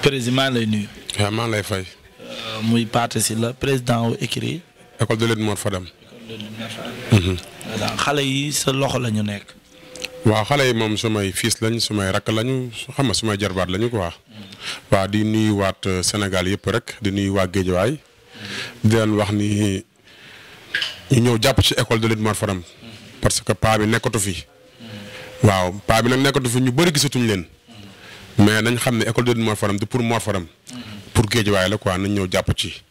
président maa lay nuyu. waaw maa lay fay. Euh, muy si la président wu écurie. école de lutte Mor Fadam. Mhm. xale yi sa loxo lañu nekk. waaw xale yi moom sumay fiis lañ sumay rakk lañu xam nga sumay jarbaat lañu ko waaw di nuyuwaat euh, Sénégal yëpp rek di nuyu waa géej waay leen wax ni ñu ñëw jàpp ci école de lutte Mor Fadam. parce que paa bi nekkatu fi. Mhm. waaw paa bi nag nekkatu fi ñu bëri gisatuñ leen. mais nañ xam ne école de Mor Faram du pour Mor Faram pour waaye la quoi nañ ñëw jàpp ci.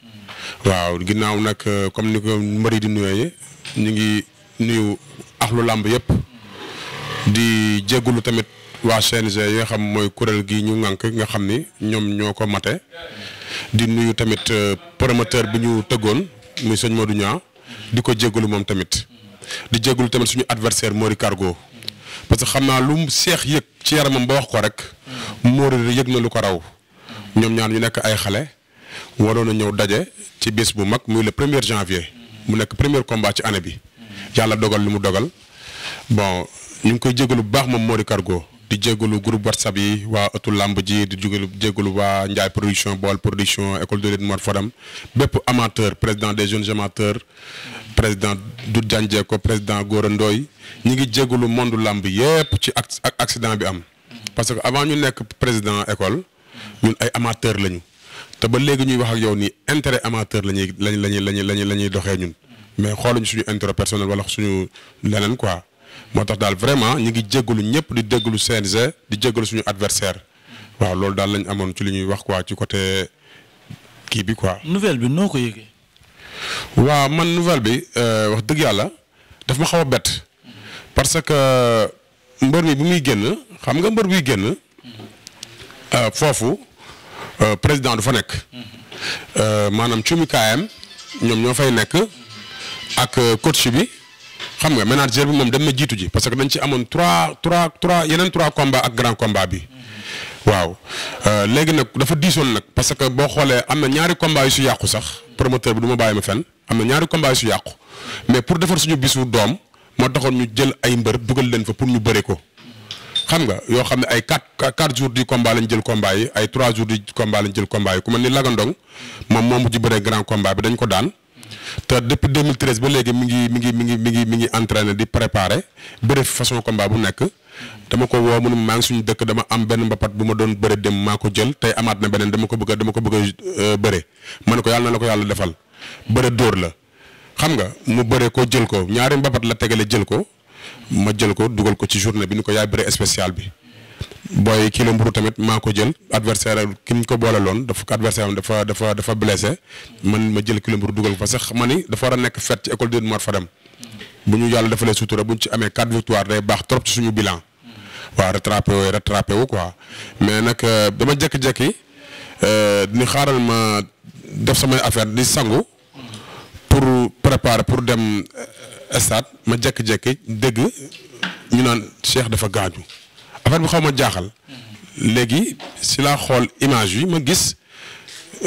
waaw ginnaaw nag euh, comme ni ko mbëri di nuyooyee ñu ngi nuyu axlu làmb yëpp. di jégalu tamit waa CNG yi nga xam mooy kuréel gi ñu ŋànk nga xam ni ñoom ñoo ko mate. di nuyu tamit euh, promoteur bi ñu tëggoon muy sëñ Modou Niang di ko jégalu moom tamit. di jégalu tamit suñu adversaire Mori Cargo. parce que xam naa lu seex yëg ci yaramam ba wax ko rek. Mouride yëg na lu ko raw. ñoom ñaar ñu nekk ay xale. waloon a ñëw daje ci bés bu mag muy le première janvier. mu nekk première combat ci année bi. yàlla dogal lu mu dogal. bon ñu ngi koy jégalu bu baax moom Mori Cargo. di jégalu groupe whatsapp yi waa ëttu làmb ji di jugalu jégalu waa Ndiaye production Baol production école de lutte Mor Fadam bépp amateur président des jeunes amateurs. président du Diagne Diecko président Gora Ndoye ñi ngi jégalu mondu làmb yépp ci ak ak accident bi am. parce que avant ñu nekk président école. ñun ay amateur lañu. te ba léegi ñuy wax ak yow nii intérêt amateur la ñuy la ñuy la la ñuy la ñuy doxee ñun. mais xooluñu suñu intérêt personnel wala suñu leneen quoi. moo tax daal vraiment ñu ngi jégalu ñëpp di jégalu CNG di jégalu suñu adversaire waaw loolu daal lañ amoon ci lu ñuy wax quoi ci côté kii bi quoi. waaw man nouvelle bi euh, wax dëgg yàlla daf ma xaw a bett parce que mbër mi bu muy génn xam nga mbër buy génn euh, foofu euh, président du fa nekk maanaam cumikaayam ñoom ñoo fay nekk ak coach bi xam nga manager bi moom dem na jiitu ji parce que dañ ci amoon trois trois trois yeneen trois combats ak grand combat bi. waaw euh, léegi nag dafa diisoon nag parce que boo xoolee am na ñaari combat yu su yàqu sax promoteur bi du ma bàyyi ma fenn am na ñaari combat yu su yàqu mais pour defar suñu bisu doom moo taxoon ñu jël ay mbër dugal leen fa pour ñu bëri ko. xam nga yoo xam ne ay quatre quatre jours du combat lañ jël combat yi ay trois jours du combat lañ jël combat yi ku mel ni Lagandong moom moo mujj bëree grand combat bi dañ ko daan te depuis 2013 ba léegi mi ngi mi ngi mi ngi mi ngi mi ngi entraîné di préparé bëre façon combat bu nekk. dama ko woo mu maa ngi suñu dëkk dama am benn mbapat bu ma doon bëre dem maa ko jël tey amaat na beneen dama ko bëgg dama ko bëgg a euh, bëre ma ne ko yàlla na la ko yàlla defal bëre dóor la xam nga mu bëre ko jël ko ñaari mbapat la tegale jël ko ma jël ko dugal ko ci journée bi ni ko yaay bëre spécial bi booy kilo mburu tamit maa ko jël adversaire ki ñu ko boole loon dafa adversaire am dafa dafa dafa blessé man ma jël kilo mburu dugal ko fa sax ma a nekk fête bu ñu yàlla defalee sutura bu ñu ci amee waaw rattrapé wu rattrapé wu quoi mais nag euh, dama jékki-jékki euh, ni xaaral ma def samay affaire di sangu pour préparer pour dem euh, stade ma jékki-jékki dégg ñu naan Cheikh dafa gaañu affaire bi xaw ma jaaxal. léegi si laa xool image yi ma gis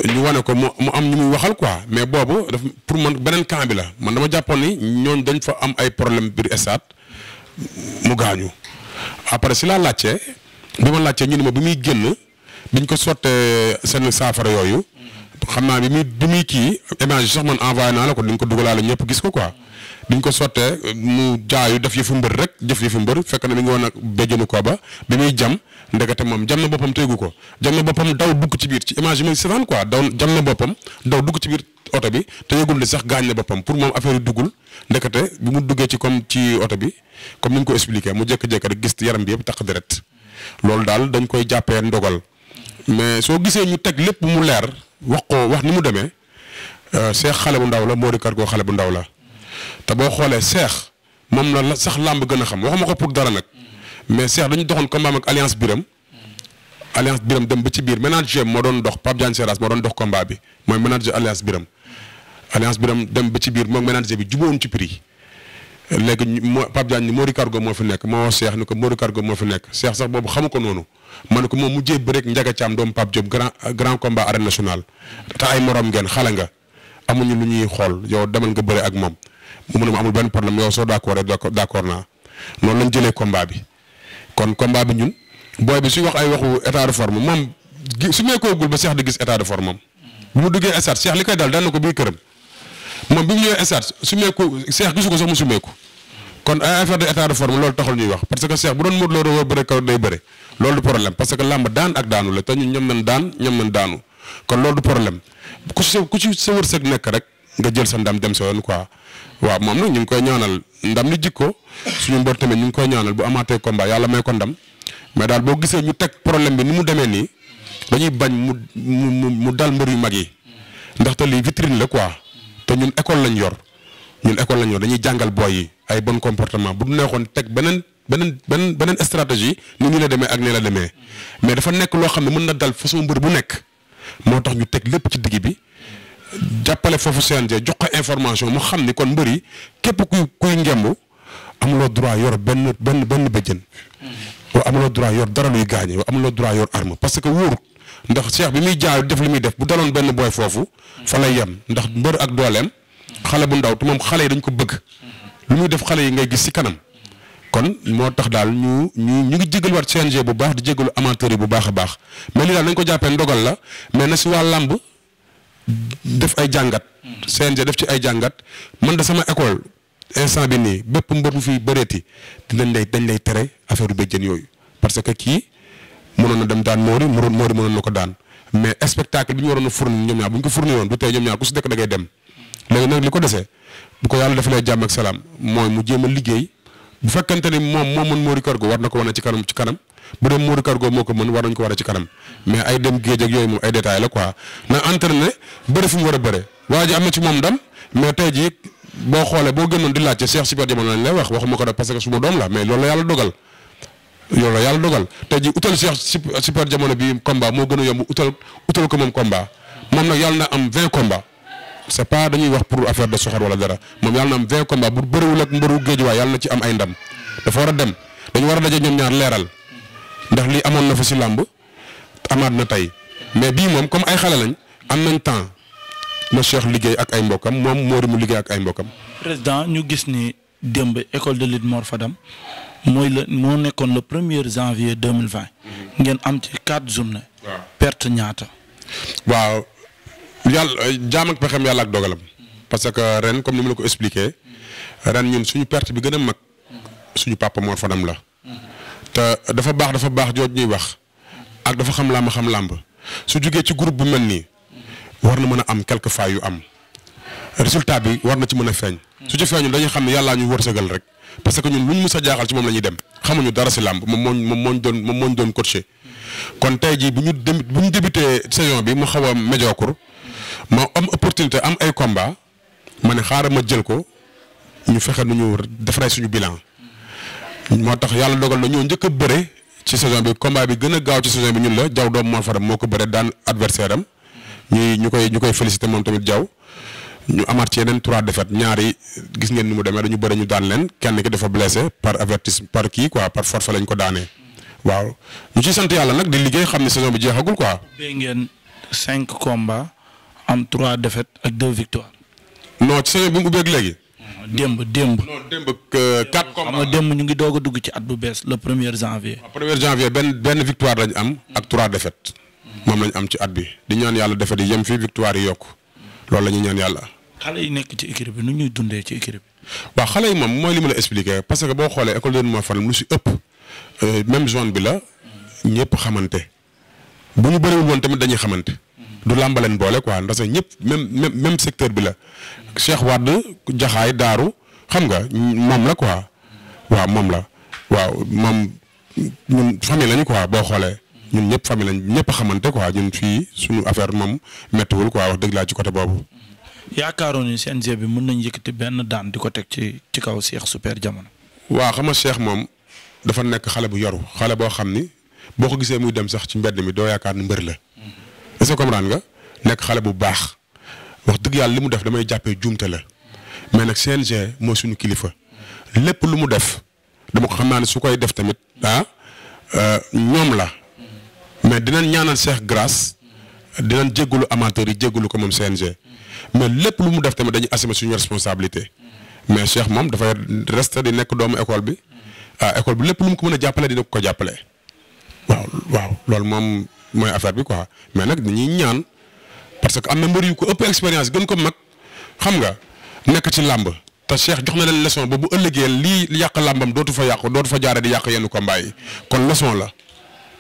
ñu wane ko mu mu am ñu muy waxal quoi mais boobu daf pour man beneen camp bi la man dama jàppoon ni ñooñ dañ fa am ay problème biir stade mu gaañu. après si laa laajte bi ma laajte ñu ne ma bi muy génn biñ ko sottee euh, seen saafara yooyu xam naa bi muy bi muy kii image sax man envoyé naa la ko di nga ko dugalaale ñëpp gis ko quoi biñ ko sottee mu jaayu def yëfu mbër rek def yëfu mbër fekk na mi ngi woon ak béjjënu koo ba bi muy jam ndekete moom jam na boppam téegu ko jam na boppam daw dugg ci biir ci image yi may seetaan quoi daw jam na boppam daw dugg ci biir oto bi te yëgul sax gaañ na boppam pour moom affaire yi duggul ndekete bi mu duggee ci comme ci oto bi comme ni ñu ko expliqué mu jékki-jékki rek gis yaram bi yëpp taq deret loolu daal dañ koy jàppee ndogal mais soo gisee ñu teg lépp mu leer wax ko wax ni mu demee see euh, xale bu ndaw la moo di kar xale bu ndaw la te boo xoolee seex moom la sax làmb gën a xam waxuma ko pour dara nag mais seex dañu doxoon combat am ak alliance biram alliance biram dem ba ci biir manager moo doon dox Pape Diagne moo doon dox combat bi mooy manager alliance biram alliance biram dem ba ci biir moom manager bi jubóowuñ ci prix léegi ñu moo Pape Diagne ni Mori Cargo moo fi nekk moo wax Cheikh ni ko Mori Cargo moo fi nekk Cheikh sax boobu xamu ko noonu ma ne ko moom mujjee ba rek Ndiaga Thiam doomu Pape Diop grand grand combat arène national te ay moroom ngeen xale nga amuñu lu ñuy xool yow demal nga bëre ak moom. mu ne ma amul benn problème yow soo d'accord d'accord naa noonu lañ jëlee combat bi kon combat bi ñun booy bi suy wax ay waxu état de forme moom su nekkoogul ba Cheikh di gis état de forme am bu mu duggee stade Cheikh li koy dal dal na ko biir këram moom bi mu ñëwee stade su meeku Cheikh ko sax sumeeku kon ay affaire de état de forme loolu taxul ñuy wax parce que Cheikh bu doon Modou Lo war bëre kaw day bëre loolu du problème parce que làmb daan ak daanu la te ñun ñoom nañ daan ñoom nañ daanu kon loolu du problème ku ci ku ci nekk rek. nga jël sa ndam dem sa yoon quoi waaw moom nag ñu ngi koy ñaanal ndam li jikko suñu mbor tamit ñu ngi koy ñaanal bu amaatee combat yàlla may ko ndam mais daal boo gisee ñu teg problème bi ni mu demee nii dañuy bañ mu mu dal mbër yu mag yi ndaxte lii vitrine la quoi te ñun école lañ yor ñun école lañ yor dañuy jàngal booy yi ay bon comportement bu neexoon teg beneen beneen beneen beneen stratégie ni ñu la demee ak ni la demee mais dafa nekk loo xam ne mën na dal façon mbër bu nekk moo tax ñu teg lépp ci digg bi. jàppale foofu CNG jox ko information mu xam ni kon mbër yi képp kuy kuy ngemb amuloo droit yor benn benn benn bëjjën. yow amuloo droit yor dara luy gaañe yow amuloo droit yor arme parce que wóorut ndax Cheikh bi muy jaay def li muy def bu daloon benn booy foofu. fa lay yem ndax mbër ak dooleem. xale bu ndaw te moom xale yi dañ ko bëgg. lu muy def xale yi ngay gis ci kanam. kon moo tax daal ñu ñu ñu ngi jégalu waat CNG bu baax di jégalu amateurs yi bu baax a baax mais li daal nañ ko jàppee ndogal la mais na ci waa def ay jàngat. CNG def ci ay jàngat man de sama école instant bi nii bépp mbër bu fi bëreeti dinañ lay dañ lay tere affaire jën yooyu parce que kii mënoon na dem daan Mori Mori mënoon na ko daan mais spectacle bi ñu waroon a fourni ñoom ñaar bu ñu ko fourni woon du tey ñoom ñaar ku si dëkk da ngay dem. léegi nag li ko desee bu ko yàlla defalee jàmm ak salaam mooy mu jéem a liggéey bu fekkante ni moom moo mën Mori kër gu war na ko wane ci kanam ci kanam. bu dem Modou Cargo moo ko war nañ ko wane ci kanam mais dem géej ak yooyu moom ay détails la quoi na mu war a bëre waa ji am na moom mais tey jii boo xoolee boo gënoon di laajte Cheikh Super Diamano lañ lay wax ko nag parce que su ma doom la mais loolu la yàlla dogal loolu la yàlla dogal tey jii utal Cheikh moo gën a yomb utal utal ko moom combat moom nag na am 20 combats c'est pas dañuy wax pour affaire de soxor wala dara moom yàlla na am 20 combats bu bëriwul ak mbëru géej waay yàlla na ci am ay ndam dafa war a dem dañu war a daje ñoom ñaar leeral ndax lii amoon na fa si làmb amaat na tey mais bii moom comme ay xale lañ am nañ temps na Cheikh liggéey ak ay mbokkam moom Modou mu liggéey ak ay mbokkam. président ñu gis ni démb école de lutte Mor Fadam mooy la moo nekkoon le premier janvier deux mille vingt ngeen am ci quatre journée. waaw perte ñaata. waaw yàlla jaam ak pexem yàlla ak dogalam. parce que ren comme ni mu la ko expliqué ren ñun suñu perte bi gëna a mag suñu papa Mor Fadam la. te dafa baax dafa baax jooj ñuy wax ak dafa xam ma xam làmb su jugee ci groupe bu mel nii war na mën a am quelque fois yu am résultat bi war na ci mën a feeñ. su ci feeñul dañuy xam ne yàlla ñu wërsëgal rek parce que ñun luñ mës a jaaxal ci moom la ñuy dem xamuñu dara si làmb moom moo moom moo doon moom moo doon coaché kon tey jii bu ñu dem bu ñu débuté saison bi mu xaw a médiocre ma am opportunité am ay combat ma ne xaaral ma jël ko ñu fexe nu ñu defaree suñu bilan. moo tax yàlla dogal na ñoo njëkk a bëre ci saison bi combat bi gën a gaaw ci bi ñun la jaw doom moo faram moo ko bëre daan adversaire am ñu koy ñu koy félicité moom tamit jaw ñu amaat ci yeneen trois défaites ñaari gis ngeen ni mu demee dañu bëri ñu daan leen kenn ki dafa blessé par avertissement par kii quoi par force lañ ko daanee waaw ñu ciy yàlla nag liggéey xam ne saison bi jeexagul quoi. dégg ngeen cinq combats am trois défaites ak deux victoires. non ci saison bi mu ubbeeg léegi. démb démb. non démb ñu ngi doog a dugg ci at bu bees le première janvier. waaw premier janvier benn benn victoire lañ am ak trois défaites. moom lañ am ci at bi di ñaan yàlla défaites yi yem fii victoire yi yokku loolu la ñuy ñaan yàlla. xale yi nekk ci équipe bi nu ñuy dundee ci équipe bi. waaw xale yi moom mooy li ma la expliqué parce que boo xoolee école de ma fanam lu si ëpp euh, même zone bi la ñëpp xamante bu ñu bëriwul woon tamit dañuy xamante. du làmbaleen boole quoi ndax ñëpp même même secteur bi la. Cheikh Wade jaxaay daaru xam nga moom la quoi waaw moom la waaw moom ñun famille lañu quoi boo xoolee. ñun ñëpp famille lañ ñëpp a xamante quoi ñun fii suñu affaire moom méttiwul quoi wax dëgg laa ci côté boobu. yaakaaroon ni CNG bi mën nañ yëkkati benn daan di ko teg ci ci kaw Cheikh Super Jamono. waa xam nga Cheikh moom dafa nekk xale bu yoru xale boo xam ni boo ko gisee muy dem sax ci mbedd mi doo yaakaar ni mbër la. est-ce que nga nekk xale bu baax wax dëgg yàlla li mu def damay jàppee juumte la mais nag CNG mooy suñu kilifa lépp lu mu def dama xam naa ne su koy def tamit ah euh, ñoom la mais dinañ ñaanal Cheikh grâce dinañ jégalu amateurs yi jégalu ko moom CNG mais lépp lu mu def tamit dañuy assumer suñu responsabilité mais Cheikh moom dafay rester di nekk doomu école bi ah école bi lépp lu mu ko mën a jàppale dina ko ko jàppale waaw waaw loolu moom. mooy affaire bi quoi mais nag dañuy ñaan parce que am na mbër yu ko ëpp expérience gën ko mag xam nga nekk ci làmb te Cheikh jox na leen leçon ba bu ëllëgee lii yàq làmbam dootu fa yàqu dootu fa jaare di yàq yenn ko yi kon leçon la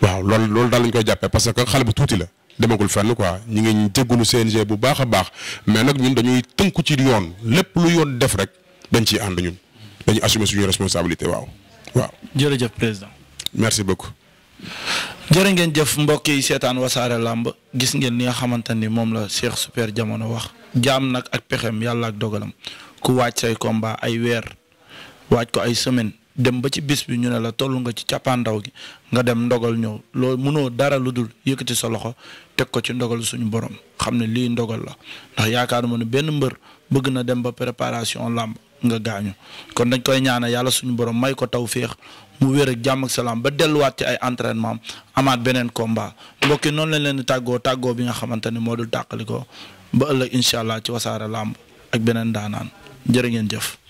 waaw loolu loolu daal lañ koy jàppee parce que xale bu tuuti la demagul fenn quoi ñu ngi jéggulu CNG bu baax a baax mais nag ñun dañuy tënku ci yoon lépp lu yoon def rek dañ ciy ànd ñun dañuy assumer suñu responsabilité waaw waaw. jërëjëf président. merci beaucoup. jërë ngeen jëf mbokk yi seetaan wasaare làmb gis ngeen ni nga xamante ni moom la Cheikh Super jamono wax jaam nag ak pexeem yàlla ak dogalam ku waaj say combat ay weer waaj ko ay semaine dem ba ci bis bi ñu ne la toll nga ci cappaandaw gi nga dem ndogal ñëw loolu mënoo dara lu dul yëkkati sa loxo teg ko ci ndogal suñu borom xam ne lii ndogal la ndax yaakaar yaakaaruma ne benn mbër bëgg na dem ba préparation làmb nga gaañu kon dañ koy ñaanal yàlla suñu borom may ko taw féex mu wér ak jàmm ak salaam ba delluwaat ci ay entraînement amaat beneen combat mbokki noonu lañ leen di tàggoo tàggoo bi nga xamante ne moo dul tàqali ko ba ëllëg incha allah ci wasaare lamb ak beneen daanaan jërë ngeen jëf.